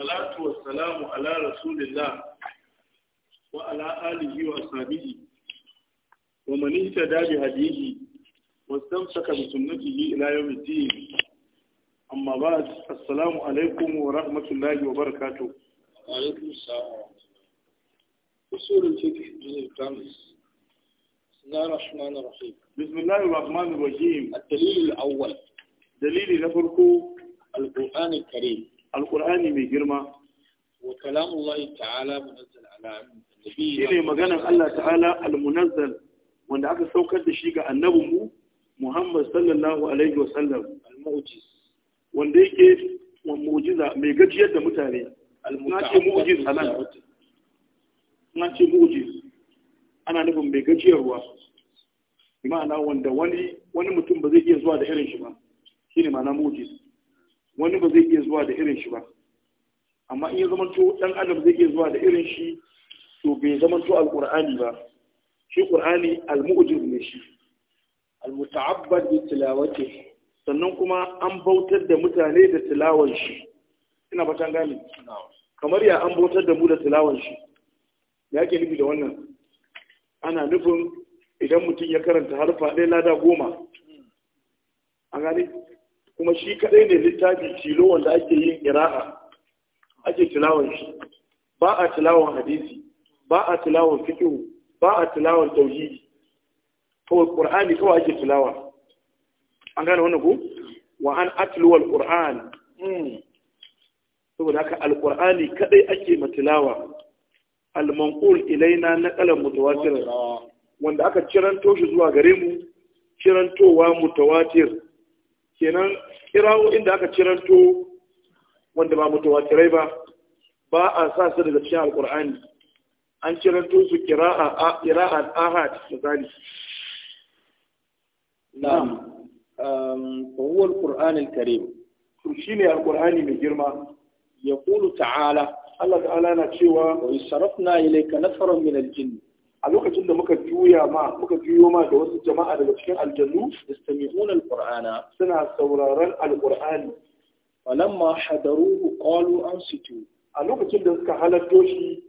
salatu wa salamu ala rasulillah wa ala alihi wa ashabihi wa man ihtada bi hadihi wa istamsaka bi sunnatihi ila yawm ad-din amma ba'd assalamu alaikum wa rahmatullahi wa barakatuh wa alaikum assalam usul al-fiqh juz' al-khamis بسم الله الرحمن الرحيم بسم الله الرحمن الرحيم الدليل الأول دليل نفركو القرآن الكريم alqur'ani mai girma wa kalamullahi ta'ala munazzal ala nabiyyi shine maganar Allah ta'ala almunazzal wanda aka saukar da shi ga annabinmu Muhammad sallallahu alaihi wa sallam almu'jiz wanda yake mu'jiza mai gajiyar da mutane almu'jiz anan na ce mu'jiz ana nufin mai gajiyarwa ma'ana wanda wani wani mutum ba zai iya zuwa da irin shi ba shine ma'ana mu'jiz wani ba zai iya zuwa da irin shi ba amma in ya to dan adam zai iya zuwa da irin shi to bai to alqur'ani ba shi qur'ani almu'jiz ne shi almuta'abbad bi tilawati sannan kuma an bautar da mutane da tilawar shi ina fatan gane kamar ya an bautar da mu da tilawar shi ya ke nufi da wannan ana nufin idan mutum ya karanta harfa ɗaya lada goma hmm. a gani kuma shi kadai ne littafi tilo wanda ake yin ira'a, ake tilawar shi ba a tilawan hadisi ba a tilawan fiqh ba a tilawan tauhidi kawai qur'ani kawai ake tilawa an gane wannan ko wa an atlu al qur'an hmm. saboda haka al qur'ani kadai ake matilawa al manqul ilaina naqalan mutawatir wanda aka ciranto shi zuwa gare mu cirantowa mutawatir kenan kirawo inda aka ciranto wanda ba mutuwa kirai ba ba a sa su daga cikin alkur'ani an kiranto su kira'a kira'a ahad misali na'am um huwa alquran alkarim ne alqur'ani mai girma yaqulu ta'ala Allah ta'ala na cewa wa sarafna ka nafaran minar jini. a lokacin da muka juya ma muka juyo ma da wasu jama'a daga cikin aljannu istami'un alqur'ana suna sauraron alqur'ani falamma hadaruhu qalu ansitu a lokacin da suka halatto shi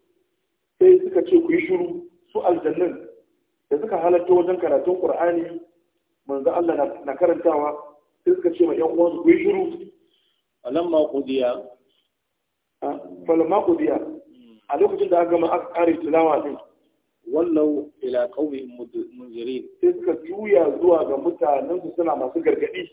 sai suka ce ku yi shiru su aljannun da suka halatto wajen karatun qur'ani manzo Allah na karantawa sai suka ce ma yan uwansu ku yi shiru falamma qudiya ah, falamma qudiya a lokacin da aka gama aka kare tilawa din wallau ila kauye munziri sai suka juya zuwa ga mutanen su suna masu gargaɗi. gargadi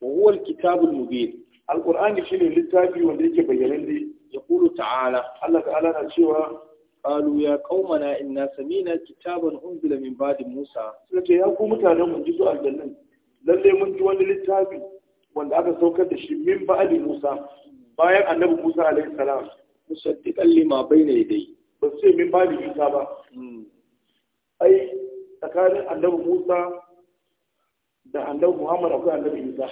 wawal kitabul mubin alqur'ani shine littafi wanda yake bayyana ne ya kulu ta'ala Allah ta'ala na cewa qalu ya qaumana inna samina kitaban unzila min da musa sai ce ya ku mutanen mun ji zuwa aljannin lalle mun ji wani littafi wanda aka saukar da shi min ba ba'di musa bayan annabi musa alaihi salam musaddiqan lima bayna yadayhi ba su ce min babu isa ba hmm. ai tsakanin annabi musa da annabi muhammad akwai annabi isa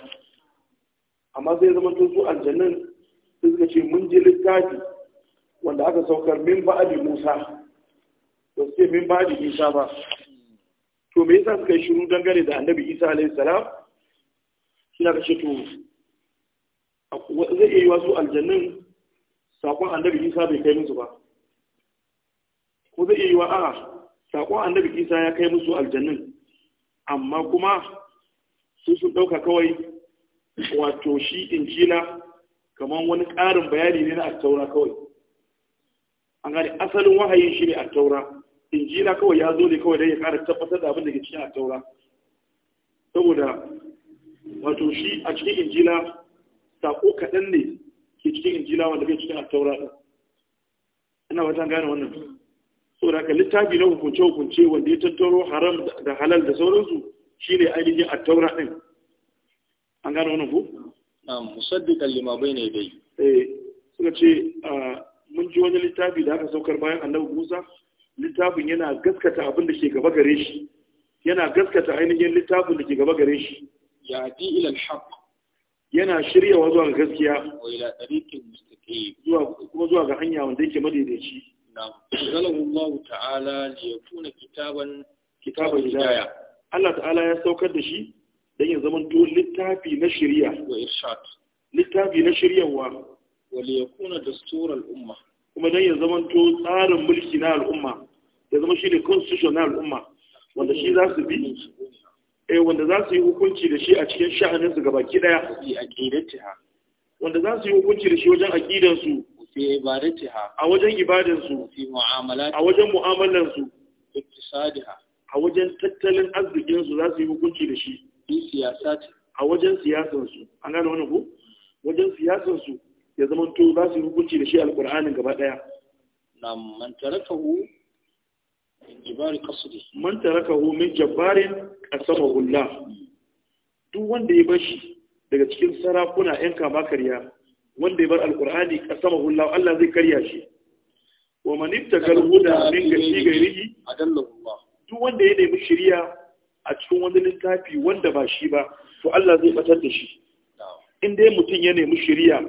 amma zai zama tun su aljannin su suka ce mun ji littafi wanda aka saukar min ba'adi musa ba su ce min ba'adi isa ba to me yasa suka yi shiru dangane da annabi isa alayhi salam shi ka ce to zai iya yi wasu aljannin sakon annabi isa bai kai musu ba ko zai yi wa a'a saƙon annabi isa ya kai musu aljannin amma kuma su sun ɗauka kawai wato shi injila kamar wani ƙarin bayani ne na attaura kawai an gani asalin wahayin shi ne attaura injila kawai ya zo ne kawai don ya ƙara tabbatar da abin da ke cikin attaura saboda wato shi a cikin injila saƙo kaɗan ne ke cikin injila wanda bai cikin attaura ɗin ina wata gane wannan saboda ka littafi na hukunce hukunce wanda ya tattaro haram da halal da sauransu shine ainihin a taura din an gano wannan ko na'am musaddiqan lima ne dai. eh suka ce ah, mun ji wani littafi da aka saukar bayan Annabi Musa littafin yana gaskata abin da ke gaba gare shi yana gaskata ainihin littafin da ke gaba gare shi ya ti ilal haq yana shirya wa zuwa gaskiya wa ila tariqin mustaqim kuma zuwa ga hanya wanda yake madaidaici Allah ta'ala ya yakuna kitaban kitaban hidaya. Allah ta'ala ya saukar da shi dan ya zama to littafi na shari'a wa irshad. Littafi na shiryawa wa li yakuna dastur al-umma. Kuma dan ya zama to tsarin mulki na al'umma ya zama shi ne constitution na al'umma wanda shi za su bi eh wanda za su yi hukunci da shi a cikin sha'aninsu gaba ki daya. Bi aqidatiha. Wanda za su yi hukunci da shi wajen su fi ibadatiha a wajen ibadansu a wajen mu'amalansu iktisadiha a wajen tattalin arzikinsu za su yi hukunci da shi a wajen siyasansu an gane wannan ko wajen siyasansu ya zama to za su yi hukunci da shi alqur'anin gaba daya na man tarakahu min jabari qasdi man tarakahu min jabarin qasamahu Allah duk wanda ya bashi daga cikin sarakuna yan kama karya wanda ya bar alqur'ani qasamahu Allah Allah zai karya shi wa man ibtakal huda min gashi gairihi adallahu duk wanda ya nemi shiriya a cikin wani littafi wanda ba shi ba to Allah zai batar da shi in dai mutum ya nemi shiriya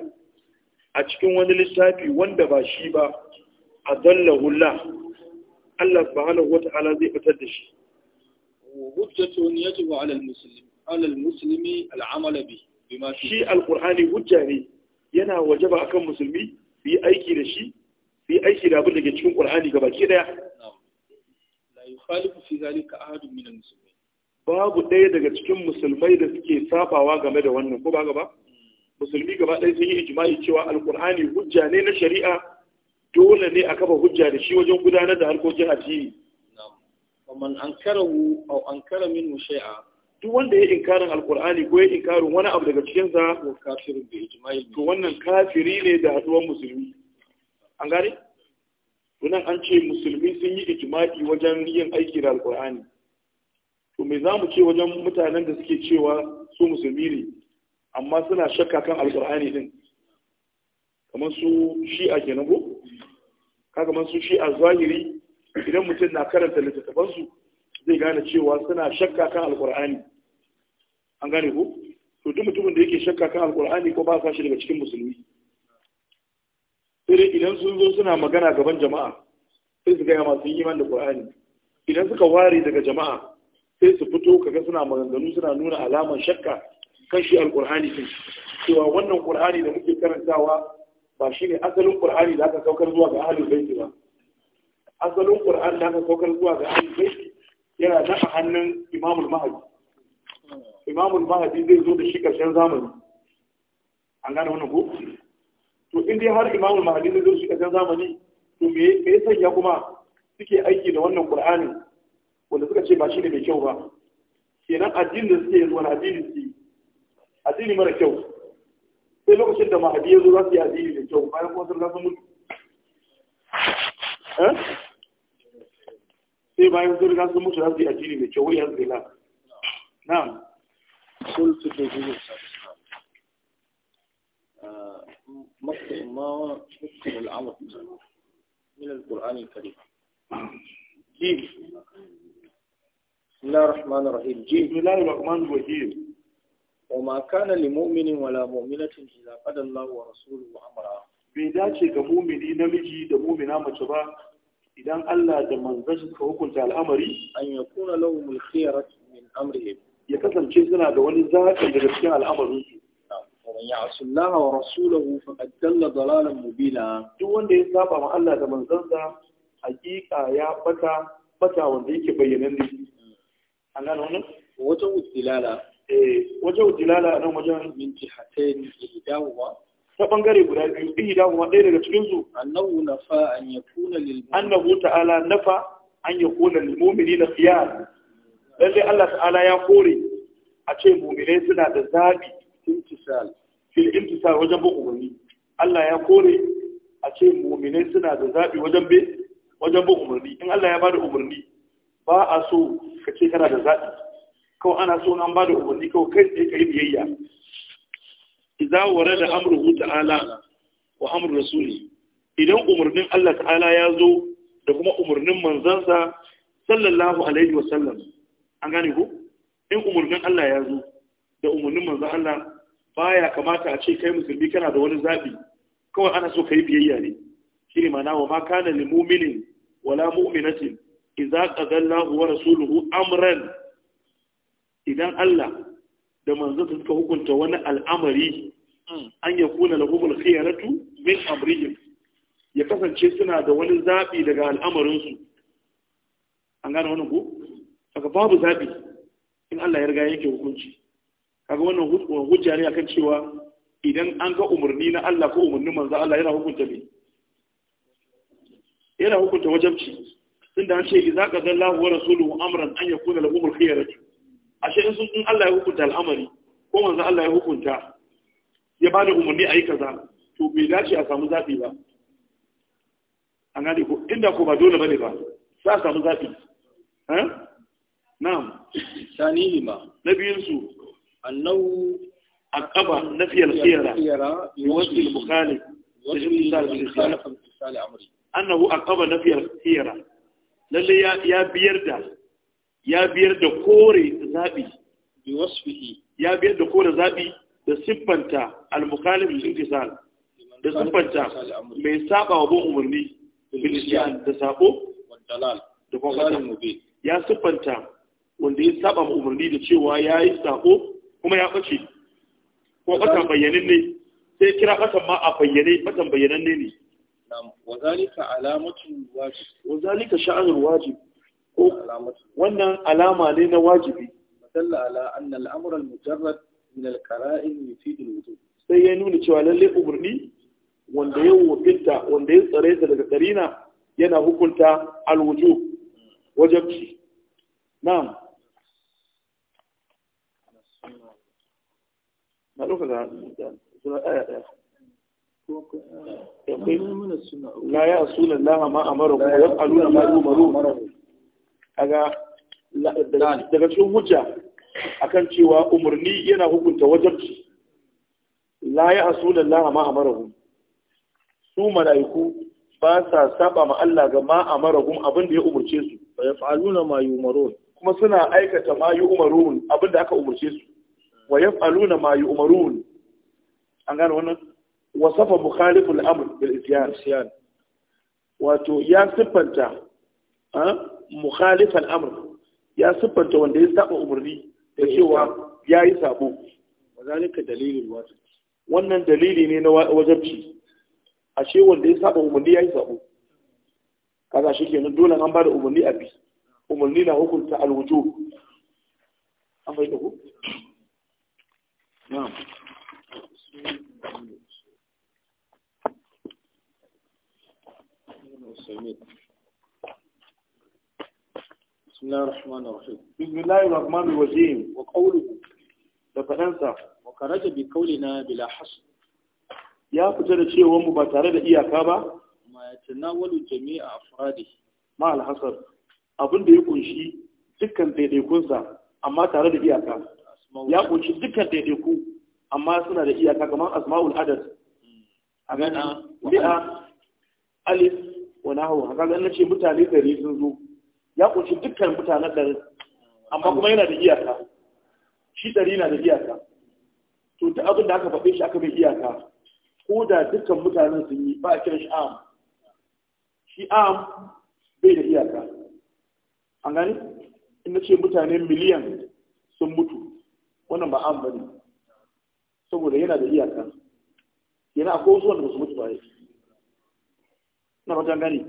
a cikin wani littafi wanda ba shi ba adallahu Allah Allah subhanahu wata'ala zai batar da shi wa hujjatun yajibu ala al-muslim ala al-muslimi al-amala bi bima shi al-qur'ani hujja ne yana waje ba akan musulmi su yi aiki da shi su yi aiki da abin da ke cikin qur'ani ga baki daya la yukhalifu fi zalika ahadun min al-muslimin babu ɗaya daga cikin musulmai da suke safawa game da wannan ko ba ga ba hmm. musulmi gaba ɗaya sun yi ijma'i cewa alqur'ani hujja ne na shari'a dole ne a kafa hujja da shi wajen gudanar da harkokin addini ومن أنكره أو min mu شيئا duk wanda ya inkarin alkur'ani ko ya inkarin wani abu daga cikinsa to wannan kafiri ne da haduwan musulmi an gane tunan an ce musulmi sun yi ijimaki wajen yin aiki da alkur'ani to me za mu ce wajen mutanen da suke cewa su musulmi ne amma suna shakka kan alkur'ani din kamar su a kenan ko ka kamar su a zahiri idan mutum na karanta littattafansu zai gane cewa suna shakka kan alkur'ani an gane ku to duk mutumin da yake shakka kan alkur'ani ko ba sa shi daga cikin musulmi sai dai idan sun zo suna magana gaban jama'a sai su gaya masu iman da qur'ani idan suka ware daga jama'a sai su fito kaga suna maganganu suna nuna alamar shakka kan shi alkur'ani din cewa wannan qur'ani da muke karantawa ba shi ne asalin qur'ani da aka saukar zuwa ga ahlul baiti ba asalin qur'ani da aka saukar zuwa ga ahlul baiti yana da hannun imamul mahdi imamul mahadi zai zo da shi karshen zamani an gane wannan ko to in dai har imamul mahadi zai zo da shi karshen zamani to me me ya sanya kuma suke aiki da wannan qur'ani wanda suka ce ba shi ne mai kyau ba kenan addinin da suke yanzu wani addini su addini mara kyau sai lokacin da mahadi ya zo za su yi addini mai kyau bayan kuma sun zasu mutu eh? sai bayan sun riga mutu za su yi addini mai kyau wai yanzu ila na'am قلت تجوز مقطع ما حكم العمل من القرآن الكريم جيم بسم الله الرحمن الرحيم جيم بسم الله الرحمن الرحيم وما كان لمؤمن ولا مؤمنة إذا قد الله ورسوله أمرا bai dace ga mumini namiji da mumina mace ba idan Allah da manzon ka hukunta al'amari an yakuna lahumul khiyaratu min amrihim ya kasance suna da wani zaɓi daga cikin al'amarin su ومن يعص الله ورسوله فقد ضل ضلالا مبينا duk wanda ya saba ma Allah da manzansa haƙiƙa ya bata bata wanda yake bayyana ne an gano wannan wata dilala eh wata dilala nan wajen min jihatain ihdawa ta bangare guda biyu ihdawa ɗaya daga cikin su annahu nafa an yakuna lil annahu ta'ala nafa an yakuna lil mu'minina khiyar lalle Allah ta'ala ya kore a ce mu'minai suna da zabi intisal fil intisal wajen bin umarni Allah ya kore a ce mu'minai suna da zabi wajen bin wajen bin umarni in Allah ya bada umarni ba a so ka ce kana da zabi kawai ana so an bada umarni kawai kai tsaye kai biyayya idza warada amruhu ta'ala wa amru rasuli idan umarnin Allah ta'ala ya zo da kuma umarnin manzansa sallallahu alaihi wasallam an gane ku? in umarnin Allah ya zo da umarnin manzo Allah baya kamata a ce kai musulmi kana da wani zabi kawai ana so kai biyayya ne shine ma'ana wa ma kana lil mu'minin wala mu'minati idza qadalla wa rasuluhu amran idan Allah da manzo suka hukunta wani al'amari hmm. an ya kuna lahumul khiyaratu min amrihim ya kasance suna da wani zabi daga al'amarin su an gane wannan ku? kaga babu zabi in Allah ya riga yake hukunci kaga wannan hujja ne akan cewa idan an ga umarni na Allah ko umarnin manzo Allah yana hukunta ne yana hukunta wajabci tunda an ce idza qadallahu wa rasuluhu amran an yakuna lahu al-khiyaratu ashe in sun Allah ya hukunta al'amari ko manzo Allah ya hukunta ya ba da umarni a yi kaza to bai dace a samu zaɓi ba an gani ko inda ko ba dole bane ba sai a samu zaɓi na'am sanihima na biyun su annahu aqaba nafi al-khiyara yuwassi al-bukhari annahu aqaba da al-khiyara lalle ya biyar da ya biyar da kore zabi bi ya biyar da kore zaɓi da siffanta al-mukhalif lil da siffanta mai saba wa bin umarni bil da sabo da kuma ya siffanta wanda ya saba ma umarni da cewa ya yi sako kuma ya ɓace ko ɓatan bayyanin ne sai kira ɓatan ma a bayyane ɓatan bayyanan ne ne wazalika alamatul wajib wazalika ko wannan alama ne na wajibi dalla ala mujarrad min sai ya nuna cewa lalle umarni wanda ya wakilta wanda ya tsare ta daga karina yana hukunta al-wujub wajibci na'am na ɗauka da suna ɗaya ɗaya la ya asula Allah ma amara kuma ya aluna ma yi umaru kaga daga cikin hujja akan cewa umarni yana hukunta wajabci la ya asula Allah ma amara su mala'iku ba sa saba ma Allah ga ma amara hum abin da ya umarce su fa yaf'aluna ma yumarun kuma suna aikata ma yumarun abin da aka umarce su wa yaf'aluna ma yu'marun an gane wannan wasafa al amr bil isyan wato ya siffanta al amr ya siffanta wanda ya saba umarni da cewa yayi sabo wazalika dalilin wajib wannan dalili ne na wajabci ashe wanda ya saba umarni yayi sabo kaga shi kenan dole an bada umarni a bi umarni na hukunta alwujub an fahimta ku بسم الله الرحمن الرحيم بسم الله الرحمن الرحيم وقوله لفدنسا وخرج بقولنا بلا حصر يا فتر شيء ومو بتاره da iyaka ba ma yatanawalu jami'a afradi ma al hasar abin da ya kunshi dukkan daidaikunsa amma tare da iyaka ya ƙunshi dukkan daidaiku amma suna da iyaka kamar asma'ul adad a gani bi'a alif wa nahu haka ga nace mutane dari sun zo ya ƙunshi dukkan mutanen dari amma kuma yana da iyaka shi dari na da iyaka to ta abin da aka faɗe shi aka mai iyaka ko da dukkan mutanen sun yi ba a kira shi am shi am bai da iyaka an gani in nace mutane miliyan sun mutu wannan ba an bane saboda yana da iyaka yana akwai wasu wanda ba su mutu ba na wajen gani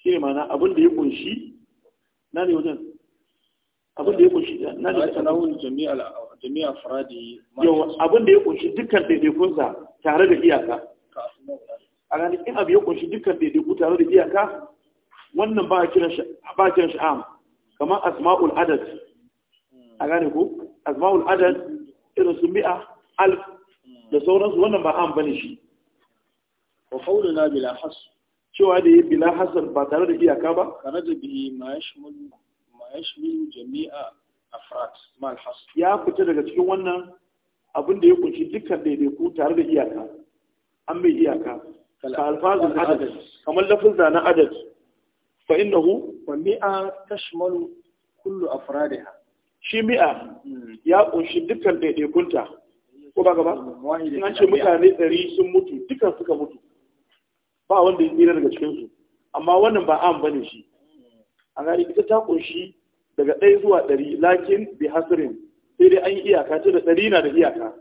shi ne mana abin da ya kunshi na ne wajen abinda da ya kunshi na ne ta nawun jami'a faradi yau abinda da ya kunshi dukkan daidaikunsa tare da iyaka a gani in abu ya kunshi dukkan daidaiku tare da iyaka wannan ba a kiran sha'am kamar asma'ul adad a gane ko asma'ul adad irin su mi'a alf da sauransu wannan ba an bane shi wa na bila has cewa da yi bila hasan ba tare da iyaka ba kana da bihi ma yashmul ma yashmil jami'a afrat mal has ya fita daga cikin wannan abin da ya kunshi dukkan daidaiku tare da iyaka an mai iyaka ka alfazin adad kamar lafin zana adad fa innahu wa mi'a tashmalu kullu afradiha shi mi'a ya kunshi dukkan daidaikunta ko ba gaba an ce mutane ɗari sun mutu dukkan suka mutu ba wanda ya tsira daga cikinsu amma wannan ba an bane shi a gani ita ta kunshi daga ɗaya zuwa ɗari lakin bi hasirin sai dai an yi iyaka ce da ɗari na da iyaka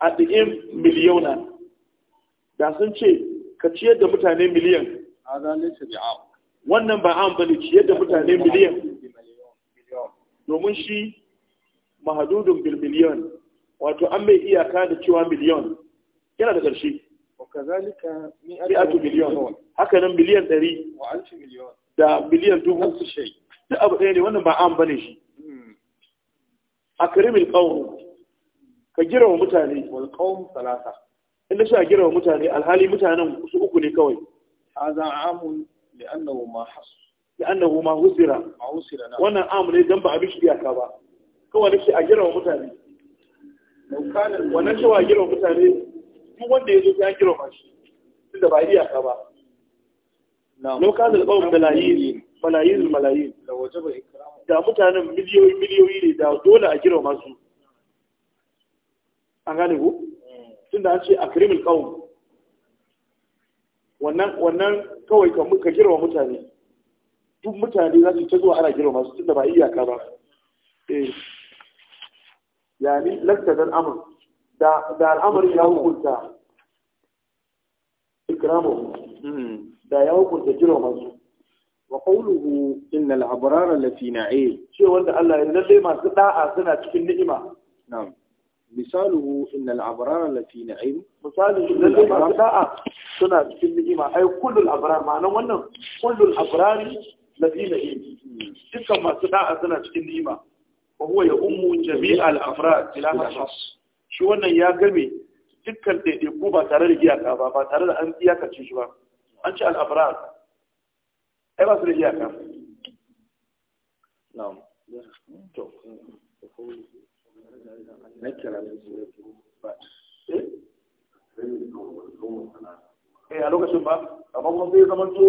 a ɗin miliyona da sun ce ka ciyar da mutane miliyan wannan ba an bane ciyar da mutane miliyan domin shi mahadudun bil wato an mai iyaka da cewa miliyon, yana da ƙarshe haka nan miliyan ɗari da miliyan dubu su duk abu ɗaya ne wannan ba an bane shi hmm. a karimin ƙaunu ka gira wa mutane ƙaun salasa inda shi a gira wa mutane alhali mutanen su uku ne kawai a za'amun da annawa ma hasu da annahu ma husira wannan amu ne dan ba abin shi iyaka ba kawai nake a girma mutane wannan cewa girma mutane duk wanda ya zo ya girma shi tunda ba iyaka ba lau kana da kawai da mutanen miliyoyi ne dole a girma su an gane ku tunda an ce akrimul qawm wannan wannan kawai ka girma mutane duk mutane za su ta zuwa ana girma su tunda ba iyaka ba eh yani lakta dan da da al'amari ya hukunta ikramu hmm. da ya hukunta girma masu. wa qawluhu inna abrara lafi na'im ce wanda Allah ya lalle masu da'a suna cikin ni'ima na'am misaluhu innal abrara lafi na'im misaluhu lalle masu da'a suna cikin ni'ima ai kullul abrar ma'anan wannan kullul abrari nabilahi dukkan masu da'a suna cikin nima ko huwa ya ummu jami'al afrad ila khas shi wannan ya game dukkan ko ba tare da iyaka ba ba tare da an iyakace shi ba an ce al-afrad ai ba su da iyaka na'am to na kira eh a lokacin ba amma kuma zai zama to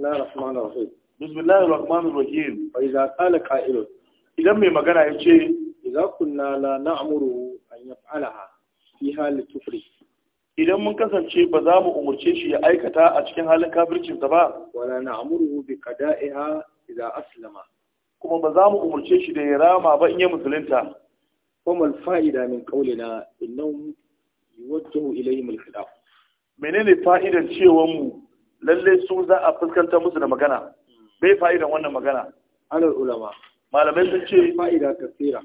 الله الرحمن الرحيم بسم الله الرحمن الرحيم فإذا قال قائل إذا ما مغنى يجي إذا كنا لا نأمره أن يفعلها في حال الكفر idan mun kasance ba za mu umarce shi ya aikata a cikin halin kafircinsa ba wala na'muru bi qada'iha idza aslama kuma ba za mu umarce shi da ya rama ba in ya musulunta kuma fa'ida min qaulina innahum yuwajjahu ilayhim al-khilaf menene fa'idan cewan mu lalle su za a fuskanta musu da magana bai fa'idan wannan magana alal ulama malamai sun ce fa'ida kasira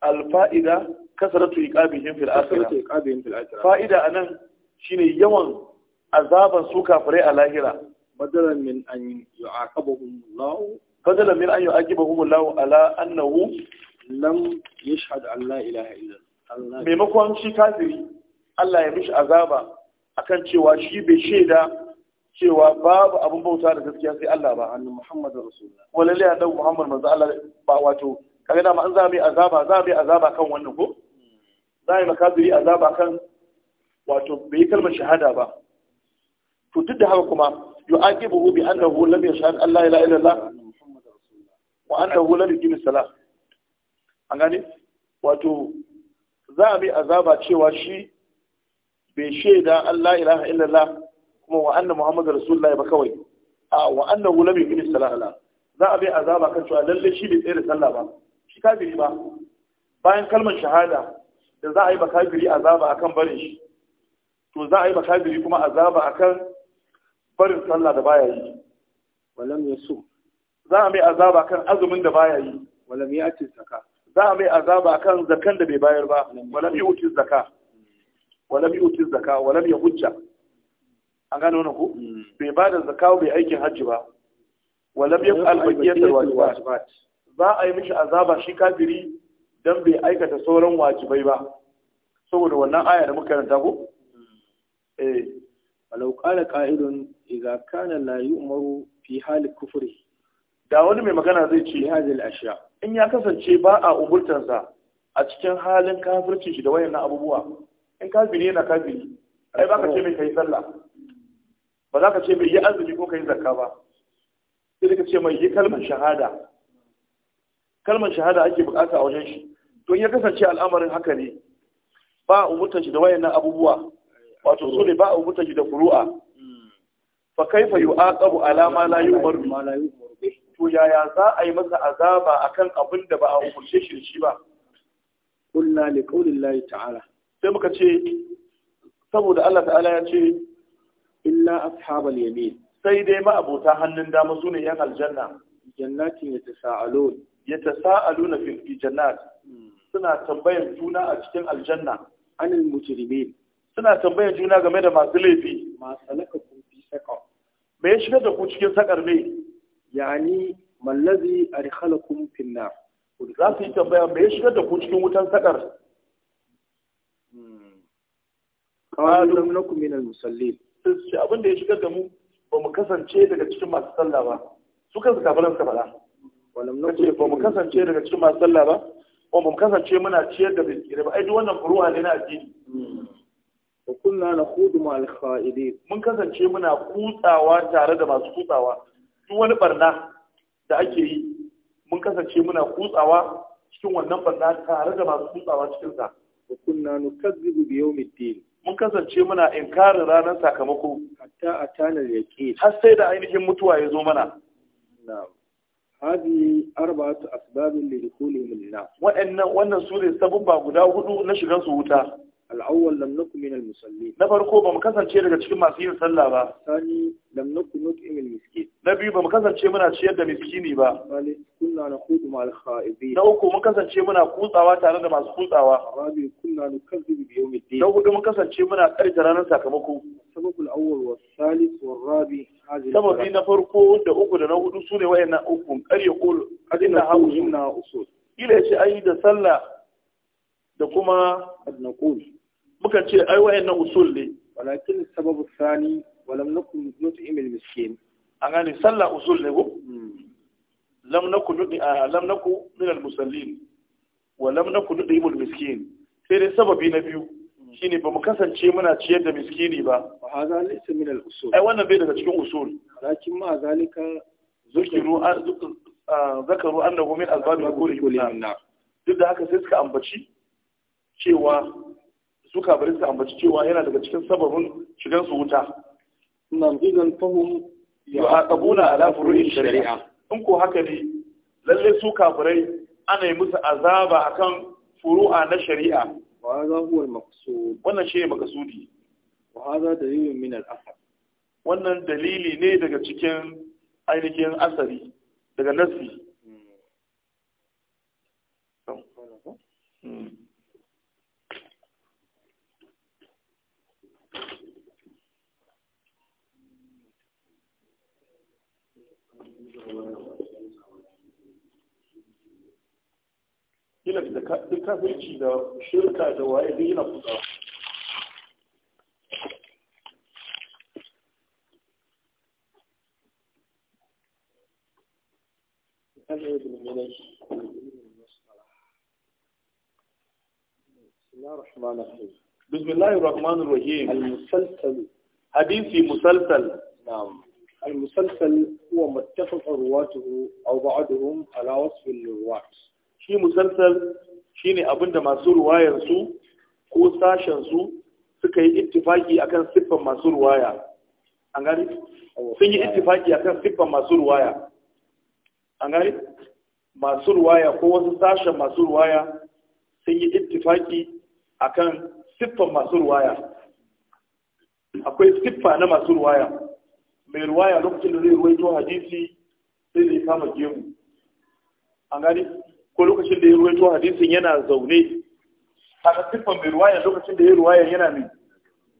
al fa'ida kasratu iqabihim fil akhirah fa'ida anan shine yawan azaban su kafirai a lahira badalan min an yu'aqabuhum Allah badalan min an yu'aqabuhum Allah ala annahu lam yashhad an la ilaha Allah maimakon shi kafiri Allah ya mishi azaba akan cewa shi bai shaida cewa babu abin bauta da gaskiya sai Allah ba annabi Muhammad rasulullah wala la dan Muhammad manzo Allah ba wato kaga da ma an zame azaba za zame azaba kan wannan ko Za zai makaziri azaba kan wato bai kalmar shahada ba to duk da haka kuma yu'aqibuhu bi annahu lam yashhad an la ilaha illallah wa annahu lam yuqim salah an gane wato za a bi azaba cewa shi bai shaida Allah la ilaha illallah kuma wa'annan anna muhammadu rasulullahi ba kawai a wa'annan anna hu lam yuqim salala za a bai azaba kan cewa lalle shi bai da sallah ba shi kafiri ba bayan kalmar shahada da za a yi bakafiri azaba a kan barin shi to za a yi bakafiri kuma azaba kan barin sallah da baya yi walam so. za a mai azaba kan azumin da baya yi walam ce zakka za a mai azaba kan zakan da bai bayar ba walam yuti zakka walam yuti zakka walam hujja. an gano na ku hmm. bai ba da zakawa bai aikin hajji ba walam ya fa'al baqiyatul wajibat za a yi mishi azaba shi kafiri don bai aikata sauran wajibai ba saboda wannan aya da muka karanta ku hmm. eh walau qala qa'ilun idza kana la yu'maru fi hal kufuri. da wani mai magana zai ce hadhihi ashya in ya kasance ba a umurtansa a cikin halin kafircin shi da wayannan abubuwa in kafiri yana kafiri ai baka ce mai kai sallah ba za ka ce mai yi azumi ko ka yi zakka ba sai ka ce mai yi kalmar shahada kalmar shahada ake bukata a wajen shi to ya kasance al'amarin haka ne ba a umurta shi da wayannan abubuwa wato su ne ba a umurta shi da kai fa kaifa yu'aqabu ala ma la yu'maru to yaya za a yi masa azaba akan abin da ba a umurce shi da shi ba kullu li qawli ta'ala sai muka ce saboda Allah ta'ala ya ce illa ashabal yamin sai dai ma abota hannun dama su ne yan aljanna jannatin yatasaalun yatasaaluna fi jannat suna tambayar juna a cikin aljanna anil mujrimin suna tambayar juna game da masu laifi ma salaka kun fi saka me ya shiga da ku cikin sakar ne yani mallazi arkhalakum fin nar za su yi tambaya me ya shigar da ku cikin wutan sakar hmm. Kawai لم min al-musallin sai su ce abin da ya shigar da mu ba mu kasance daga cikin masu sallah ba su kansu kafiran suka fada kace ba mu kasance daga cikin masu sallah ba ba mu kasance muna ciyar da miskire ba ai duk wannan furuwa ne na addini wa kunna nakhudu ma al-kha'idin mun kasance muna kutsawa tare da masu kutsawa duk wani barna da ake yi mun kasance muna kutsawa cikin wannan barna tare da masu kutsawa cikin sa wa kunna nukazzibu bi yawmiddin mun kasance muna inkarin ranar sakamako hatta a ya ke har sai da ainihin mutuwa ya zo mana na'am hadi arba'atu asbabin li dukhulihim an wannan sune ba guda hudu na shigan su wuta al'awwal lam naku min al-musallin na farko ba mu kasance daga cikin masu yin sallah ba sani lam naku nut'im al-miskin na biyu ba mu kasance muna ciyar da miskini ba bali kunna nakhudu ma al-kha'ibin na uku mun kasance muna kutsawa tare da masu kutsawa rabi kunna nukazzibu bi yawmiddin na hudu mun kasance muna karta ranar sakamako sababul awwal was salis wal rabi hadhihi sababi na farko da uku da na hudu sune wayannan uku kare qul adina hawjinna usul ila ce ayi da sallah da kuma adnaqul muka ce ai wayannan usul ne walakin sababu sani walam nakum nut'im al-miskin an gane salla usul ne ko hmm. lam nakum nut'a lam nakum min al-musallin walam lam nakum nut'im al-miskin sai dai sababi na biyu hmm. shine ba mu kasance muna ciyar da miskini ba wa hadha laysa min al-usul ai wannan bai daga cikin usul lakin ma zalika zukiru zakaru annahu min asbabi al-khulud duk da haka sai suka ambaci cewa su bari su ambaci cewa yana daga cikin sababin shigan su wuta nan idan fahum yu'aqabuna ala furu'i shari'a in ko haka ne lalle su kafirai ana yi musu azaba akan furu'a na shari'a wa hadha huwa al wannan shi maqsudi wa hadha dalilun min al wannan dalili ne daga cikin ainihin asari daga nasi kila duk kafirci da shirka da waye yana kusa بسم الله الرحمن الرحيم المسلسل حديث مسلسل نعم المسلسل هو متفق رواته أو بعضهم على وصف الرواة shi musalsal shine abinda masu ruwayar su ko sashen su suka yi ittifaki akan siffan masu ruwaya an gari sun yi ittifaki akan siffan masu ruwaya an gari masu ruwaya ko wasu sashen masu ruwaya sun yi ittifaki akan siffan masu ruwaya akwai siffa na masu ruwaya mai ruwaya lokacin da zai ruwaito hadisi sai zai kama gemu an gani ko lokacin da ya ruwaito hadisin yana zaune a siffan mai ruwaya lokacin da ya ruwaya yana ne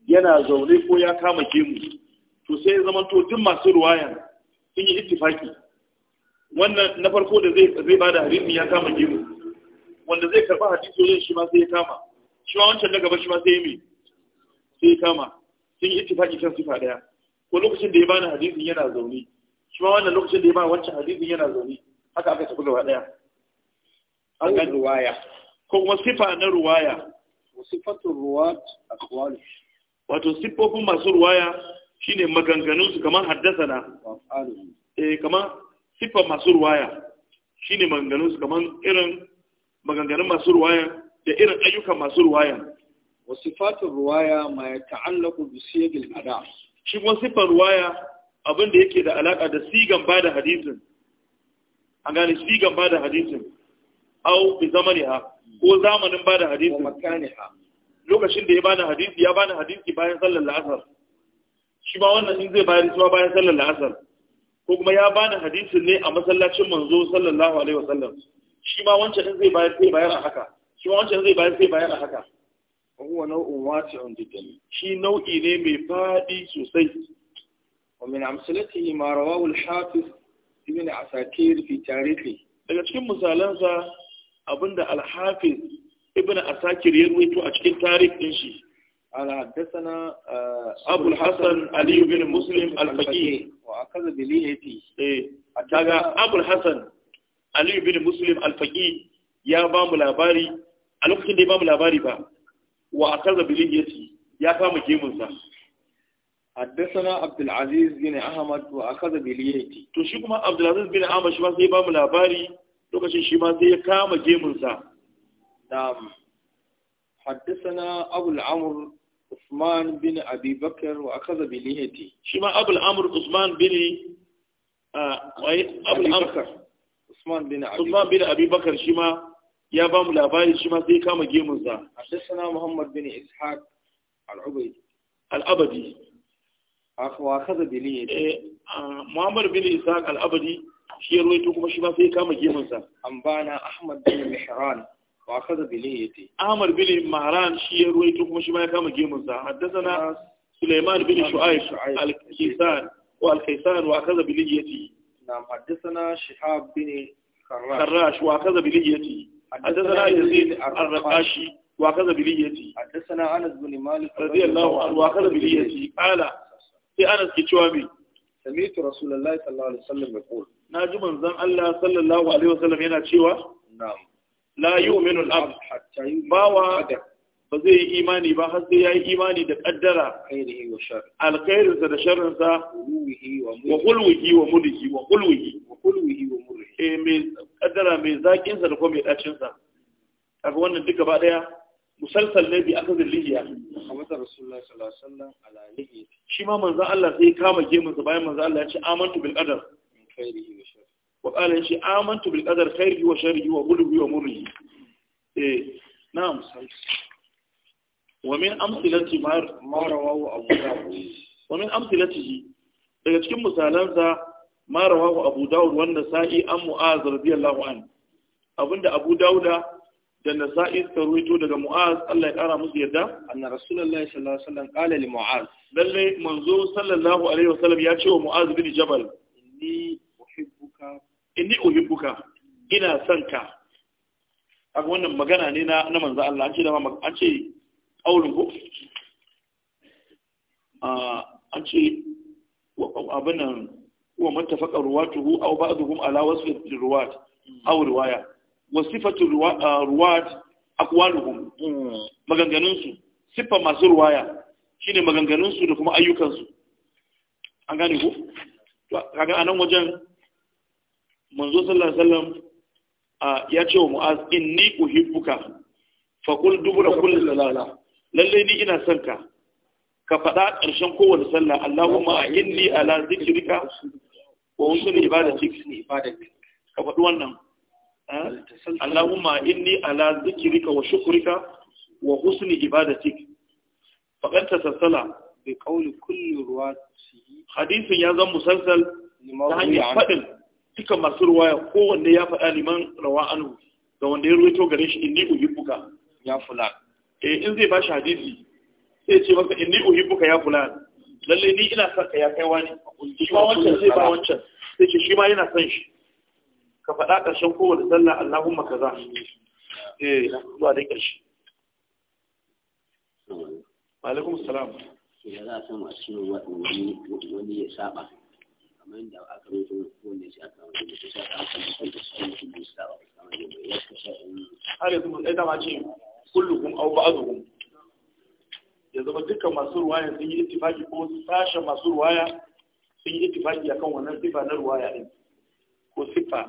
yana zaune ko ya kama gemu to sai ya zama to masu ruwayan sun yi ittifaki wannan na farko da zai ba da hadisin ya kama gemu wanda zai karba hadisi wajen shi ma sai ya kama shi ma wancan na gaba shi ma sai ya mai sai ya kama sun yi ittifaki kan sifa daya ko lokacin da ya bani hadisin yana zaune shi ma wannan lokacin da ya bani wancan hadisin yana zaune haka aka tafi gaba daya an ruwaya ko kuma sifa na ruwaya sifatun ruwat akwali wato siffofin masu ruwaya shine maganganun su kamar haddasana E kamar siffar masu ruwaya shine maganganun su kamar irin maganganun masu ruwaya da irin ayyukan masu ruwaya wa sifatun ruwaya mai ta'allaku da sigil ada shi kuma siffar ruwaya abin da yake da alaƙa da sigan bada hadisin an gane sigan bada hadisin au bi zamaniha ko zamanin bada hadisi makaniha lokacin da ya bada hadisi ya bada hadisi bayan sallar la'asar shi ba wannan in zai bayar shi bayan sallar la'asar ko kuma ya bada hadisin ne a masallacin manzo sallallahu alaihi wasallam shi ma wancan in zai bayar sai bayar a haka shi ma wancan zai bayar sai bayar a haka huwa nau'un wasi'un jiddan shi nau'i ne mai fadi sosai ومن أمثلته ما رواه الحافظ ابن عساكير في تاريخه daga cikin misalansa abinda Alhafi ibn asakir ya rubuto a cikin tarihin shi ala dasana uh, abul hasan ali ibn muslim al faqih wa akaza bi lihi eh daga abul hasan ali ibn muslim al faqi ya ba mu labari a lokacin da ya ba mu labari ba wa akaza bi lihi ya kama gemun sa haddasana abdulaziz bin ahmad wa akaza bi lihi to shi kuma abdulaziz bin ahmad shi ba sai ba mu labari lokacin shi ma ya kama gemunsa. Na'am. Haddisana Abu al’amur Usman bin Abi wa aka zabi lihati. Shi ma Abu al’amur Usman bin Abi Usman bin Abi Usman shi ma ya ba mu labari shi ma zai kama gemunsa. Haddasana Muhammad bin Ishaq al’ubai. Al’abadi. Aka wa aka zabi lihati. Eh, Muhammad bin Ishaq al’abadi. shi ya roito kuma shi ma sai ya kama gemunsa an bana ahmad bin mihran wa kaza biliyati ahmad bin mihran shi ya roito kuma shi ma ya kama gemunsa Haddasana Suleiman bin shu'aib al-kaysan wa al-kaysan wa kaza biliyati nam haddathana shihab bin Karrash wa kaza biliyati Haddasana yazid ar-raqashi wa kaza biliyati Haddasana anas bin malik radiyallahu anhu wa kaza biliyati qala sai anas ke cewa me sami'tu rasulullahi na ji manzon Allah sallallahu wasallam yana cewa na'am la yu'minu bawa ba zai yi imani ba har sai ya yi imani da kaddara alkhairinsa da sharrinsa wa wa mulki wa hulwihi wa hulwihi wa mulki eh, mai kaddara da kuma mai dacinsa kaga wannan musalsal ne bi akazin lihiya Muhammadu Rasulullahi sallallahu alaihi wasallam ala lihiya shi ma manzo Allah sai kama gemun sa bayan manzo Allah ya ce amantu bil qadar khairihi wa sharri wa qala shi amantu bil qadar khairihi wa sharrihi wa ghulubi wa murri eh na'am wa min amsilati ma rawahu Abu Dawud wa min amsilatihi daga cikin misalansa ma rawahu Abu Dawud wanda sa'i an Mu'az radiyallahu anhu abinda Abu Dawuda da nasa'i suka ruwaito daga mu'az Allah ya kara musu yadda anna rasulullahi sallallahu alaihi wasallam qala li mu'az lalle manzo sallallahu alaihi wasallam ya ce wa mu'az bin jabal inni uhibbuka inni uhibbuka ina son ka kaga wannan magana ne na na manzo Allah an ce da an ce qaulun ko an ce abin nan wa mattafaqa ruwatuhu aw ba'dhum ala wasfi ruwat aw riwaya wa sifatu ah, ruwat aqwaluhum mm, maganganun su siffa masu ruwaya shine maganganun su da kuma ayyukan su an gane ku. to kaga anan wajen manzo sallallahu alaihi wasallam ah, ya ce wa mu'az inni uhibbuka fa qul dubura kulli salala lalle ni ina son ka ka faɗa ƙarshen kowane sallah Allahumma inni ala zikrika wa usul ibadatik ka faɗi wannan Eh? Allahumma inni ala zikrika wa shukrika wa husni ibadatik faqad tasassala bi qawli kulli ruwati hadisin ya zan musalsal ta hanyar fadin duka masu ruwaya kowanne ya faɗa liman rawa anhu da wanda ya ruwaito gare shi inni uhibbuka ya fulan eh in zai bashi hadisi sai ce masa inni uhibbuka ya fulan lalle ni ina son ka ya kai wani shi ma wancan zai ba wancan sai ce shi ma yana son shi ka faɗa ƙarshen kowane sallah Allahumma kaza eh zuwa dai ƙarshe alaikum salam ya za a samu a cikin wani ya saba kamar da aka rufe wanda ya saba wanda ya saba a kan kan da cikin mutum ya saba kamar yadda ya kashe in har yanzu mun dama ce kullukum aw ba'dukum ya zama dukkan masu ruwaya sun yi ittifaki ko sashen masu ruwaya sun yi ittifaki akan wannan sifa na ruwaya din ko sifa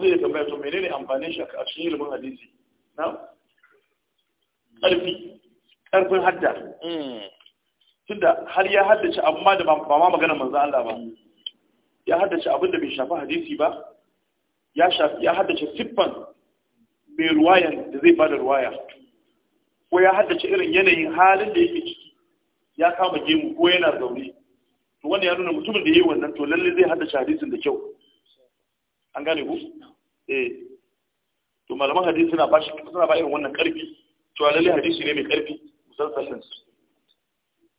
zai tambaya to menene amfanin shi a cikin ilimin hadisi na ƙarfi ƙarfin hadda mm. tunda har ya haddace amma da ba ma magana manzo Allah ba ya haddace abin da bai shafi hadisi ba ya shafi ya haddace siffan mai ruwayan da zai bada ruwaya ko ya haddace irin yanayin halin da yake ciki ya kama gemu ko yana zaune to wanda ya nuna mutumin da yayi wannan to lalle zai haddace hadisin da kyau an gane ku eh to malaman hadisi suna ba shi suna ba irin wannan karfi to lalle hadisi ne mai karfi musalsalin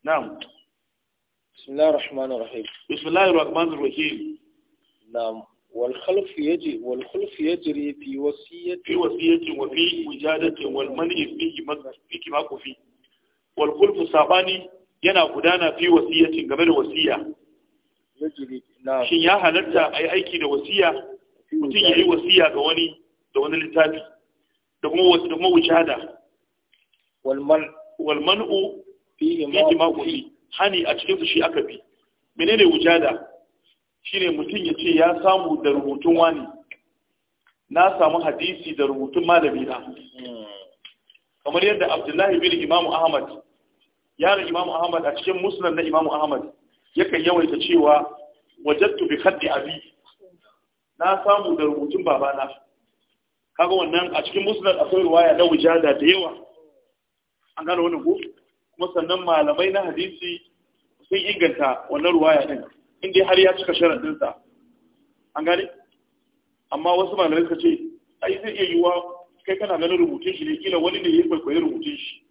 na'am bismillahir rahmanir rahim bismillahir rahmanir rahim na'am wal khalf yaji wal khulf yajri fi wasiyati fi wasiyati wa fi wijadati wal man'i fi fi kima fi wal khulf sabani yana gudana fi wasiyatin game da wasiya shin ya halatta a yi aiki da wasiya mutum ya yi wasiya ga wani da wani littafi da kuma wujada walman'u fihi ma'ufi hani a cikin su shi aka bi menene wujada ne mutum ya ce ya samu da rubutun wani na samu hadisi da rubutun malami na kamar yadda abdullahi bin imamu ahmad yaron imamu ahmad a cikin musulun na imamu ahmad yakan yawaita cewa wajattu bi khaddi abi na samu da rubutun babana kaga wannan a cikin musnad akwai ruwaya na wujada da yawa an gano wannan ko kuma sannan malamai na hadisi sun inganta wannan ruwaya din inda har ya cika sharadin sa an gane amma wasu malamai suka ce ai zai iya yiwa kai kana ganin rubutun shi ne kila wani ne ya kwaikwayi rubutun shi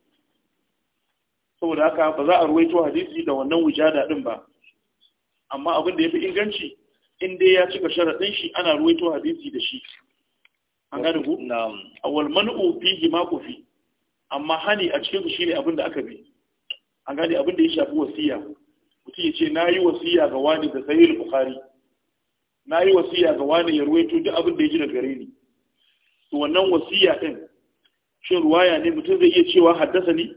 saboda haka ba za a ruwaito hadisi da wannan wujada din ba amma abin da ya fi inganci in dai ya cika sharaɗin shi ana ruwaito hadisi da shi an gane ku awal man'u fihi ma kufi amma hani a cikin shi ne abin da aka bi an gane abin da ya shafi wasiya mutum ya ce na yi wasiya ga wani da sahih bukhari na yi wasiya ga wani ya ruwaito duk abin da ya ji da gare ni to wannan wasiya din shin ruwaya ne mutum zai iya cewa haddasa ni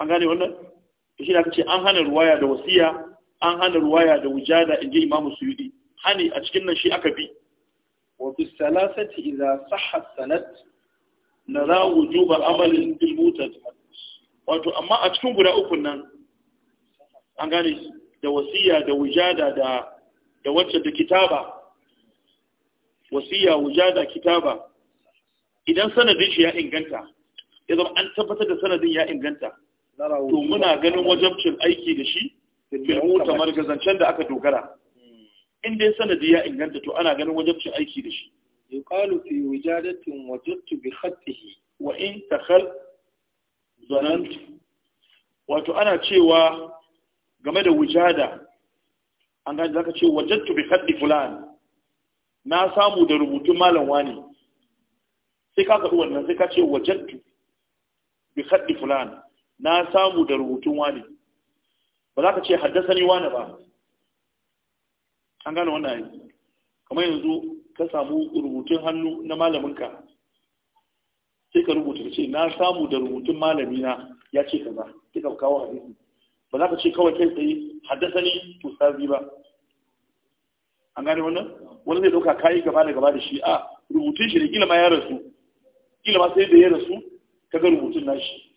an gane wannan shi da aka ce an hana ruwaya da wasiya an hana ruwaya da wujada in ji imamu suyudi hani a cikin nan shi aka bi wa fi salasati idza sahha sanad nara wujuba amalin bil mutad wato amma a cikin guda uku nan an gane da wasiya da wujada da da wacce da kitaba wasiya wujada kitaba idan sanadin shi ya inganta ya zama an tabbatar da sanadin ya inganta to muna ganin wajabcin aiki da shi filmu tamar zancen da aka dogara in dai sanadi ya inganta to ana ganin wajabcin aiki da shi yuqalu fi wujadatin wajadtu bi khatihi wa in takhal zanantu wato ana cewa game da wujada an ga zaka ce wajadtu bi khatti fulan na samu da rubutun malam wani sai ka faɗi wannan sai ka ce wajadtu bi khatti fulan na samu da rubutun wani ba za ka ce haddasa ni wani ba an gane wannan yanzu kamar yanzu ka samu rubutun hannu na malaminka sai ka rubuta ka ce na samu da rubutun malamina ya ce kaza sai ka kawo hadisi ba za ka ce kawai kai tsaye haddasa ni to sabi ba an gane wannan wani zai dauka kayi gaba da gaba da shi a ah, rubutun shi da kila ma ya rasu kila ma sai da ya rasu ka ga rubutun nashi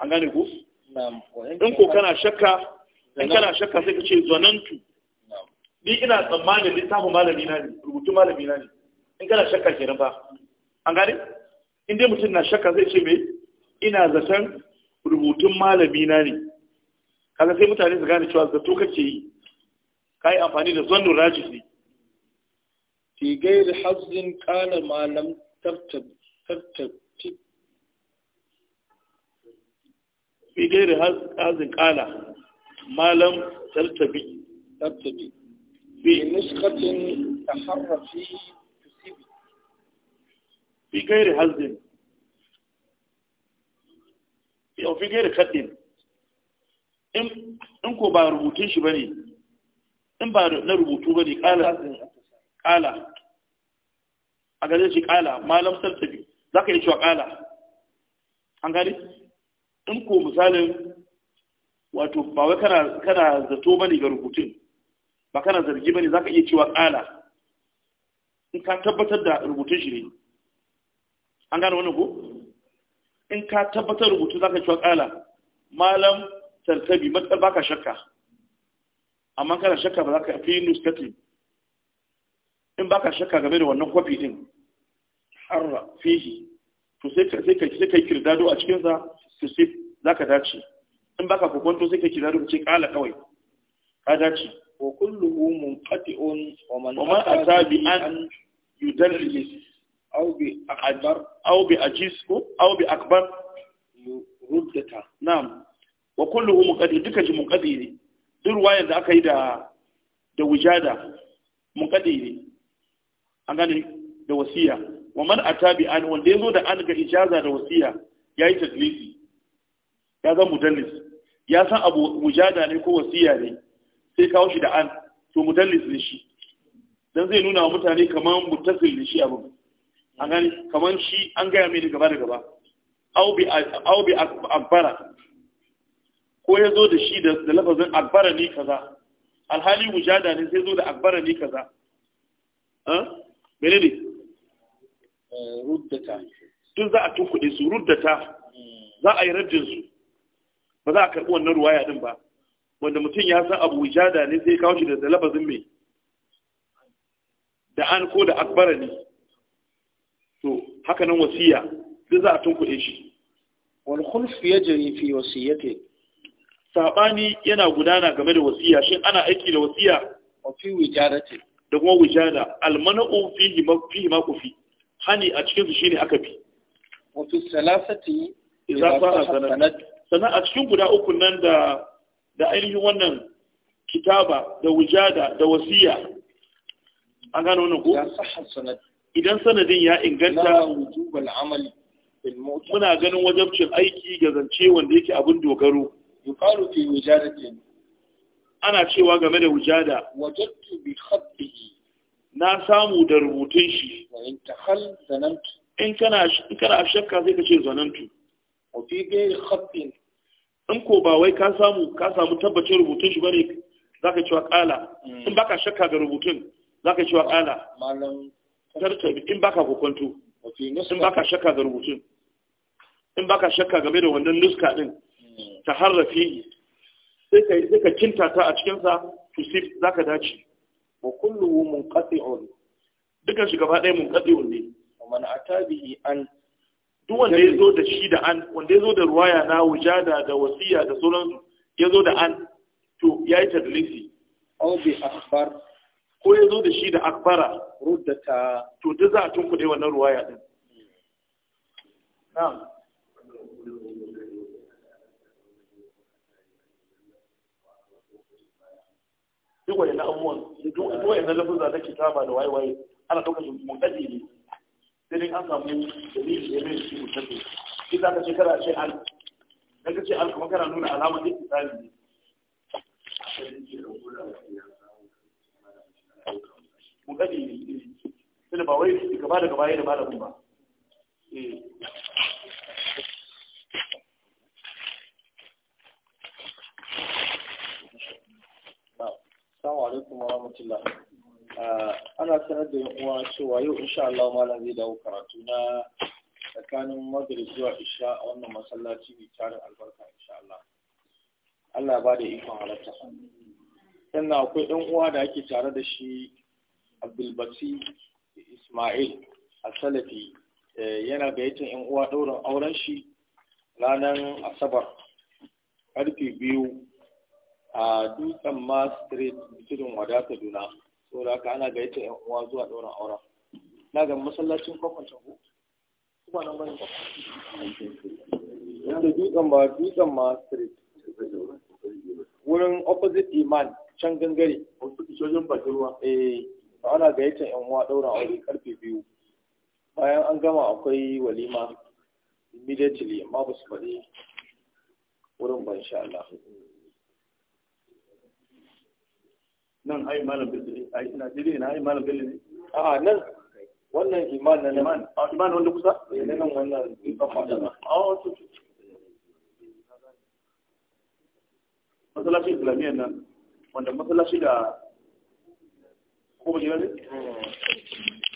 an gane ku in ko kana shakka in kana shakka sai ka ce zonantu ni ina tsammanin samu malami na ne rubutu malami na ne in kana shakka kenan ba an gane in dai mutum na shakka zai ce me ina zaton rubutun malami na ne kaga sai mutane su gane cewa zato kake yi ka yi amfani da raji ne fi gairi hazin kana malam tabtab fi gairi hazin kala malam taltabi taltabi fi nuskatin taharrafi tusibi fi gairi hazin yau fi gairi kaɗin in ko ba rubutun shi ba ne in ba na rubutu ba ne ƙala a gare shi ƙala malam saltabi za ka yi cewa ƙala an gane in ko misalin wato ba wai kana kana zato bane ga rubutun ba kana zargi bane zaka iya cewa kala in ka tabbatar da rubutun shi ne an gane wannan ko in ka tabbatar rubutu zaka cewa kala malam tartabi matsar baka shakka amma kana shakka ba za ka fi nuskati in baka shakka game da wannan kwafi din harra fihi to sai ka sai ka sai ka kirdado a cikin sa sisif za ka dace in baka kokonto sai ka kira rubuce kala kawai ka dace wa umun qati'un wa man ata bi an yudallis aw bi akbar aw bi ajisku aw bi akbar yuruddata na'am wa umun qati duka ji munqati ne duk da aka yi da da wujada munqati ne an gane da wasiya wa man ata bi an wanda yazo da an ga ijaza da wasiya yayi tadlisi ya zan mudallis ya san abu mujada ne ko wasiya ne sai kawo shi da an to mudallis ne shi dan zai nuna wa mutane kamar mutasil ne shi abu an gani kamar shi an gaya mini gaba da gaba au bi au bi akbara ko ya zo da shi da lafazin akbara ne kaza alhali mujada ne sai zo da akbara ne kaza mene ne eh, ruddata duk za a tukuɗe su ruddata hmm. za a yi raddin su ba za a karɓi wannan ruwaya ɗin ba wanda mutum ya san abu wujada ne sai kawo shi da talabazin mai da an ko da akbara ne to haka nan wasiya duk za a tunkuɗe shi wal ya jiri fi ke Saɓani yana gudana game da wasiya shin ana aiki da wasiya a fi ce. da kuma wujada al man'u fihi ma fihi ma kufi hani a cikinsu shi ne aka bi wa fi za a sa'a sanad sannan a cikin guda uku nan da da ainihin wannan kitaba da wujada da wasiya an gano wannan ko idan sanadin ya inganta wujubal amali muna ganin wajabcin aiki ga zance wanda yake abin dogaro yuqalu fi ana cewa game da wujada wajadtu bi na samu da rubutun shi in tahal zanantu in kana in kana shakka sai ka ce zanantu wa fi ghayri khabbin in ko ba wai ka samu ka samu tabbacin rubutun shi bane zaka cewa kala mm. in baka shakka ga rubutun zaka cewa kala malam tartabi in baka kokonto in baka shakka ga rubutun in baka shakka game da wannan nuska din mm. ta harrafi sai kai sai ka kinta ta a cikin sa sai zaka dace wa kulluhu munqati'un dukan shi gaba ɗaya munqati'un ne man ata an duk wanda ya zo da shi da an wanda ya zo da ruwaya na wujada da wasiya da sauransu ya zo da an to ya yi tadlisi aw bi akhbar ko ya zo da shi da akbara ruddata to duk za a tunkuɗe wannan ruwaya din na'am duk wani na abubuwan duk wani na lafuza na kitaba da waye-waye ana ɗaukar su mutane ne sai dai an samu dalili ne mai shi mutafi shi za ka ce ce al da ka ce kuma kana nuna alamar da tsari ne mutadi ne sai ba wai gaba da gaba da malamin ba eh Assalamu alaikum warahmatullahi Eh, ana sanar da uwa cewa yau insha Allah ma zai dawo karatu na tsakanin maghrib zuwa isha a wannan masallaci mai tarin albarka insha Allah Allah ba da ikon halatta sannan akwai ɗan uwa da ake tare da shi Abdulbasi Ismail a Salafi eh, yana gayyatar ƴan uwa ɗaurin auren shi ranar Asabar karfe biyu a dutsen ma street tudun wadata duna saboda ka ana gaita yan uwa zuwa ɗaurin aura na ga masallacin kwakwancin ku kuma nan bane da dukan ba dukan ma street wurin opposite iman can gangare wajen bakin ruwa eh ana gaita yan uwa ɗaurin aure karfe biyu bayan an gama akwai walima immediately amma ba su faɗi wurin ban insha Allah nan ai malam billi ai ina dire na ai malam billi ne a nan wannan iman na iman a iman wanda kusa eh, ne nan wannan a wato masallaci islamiyyar nan wanda masallaci da ko ne hmm.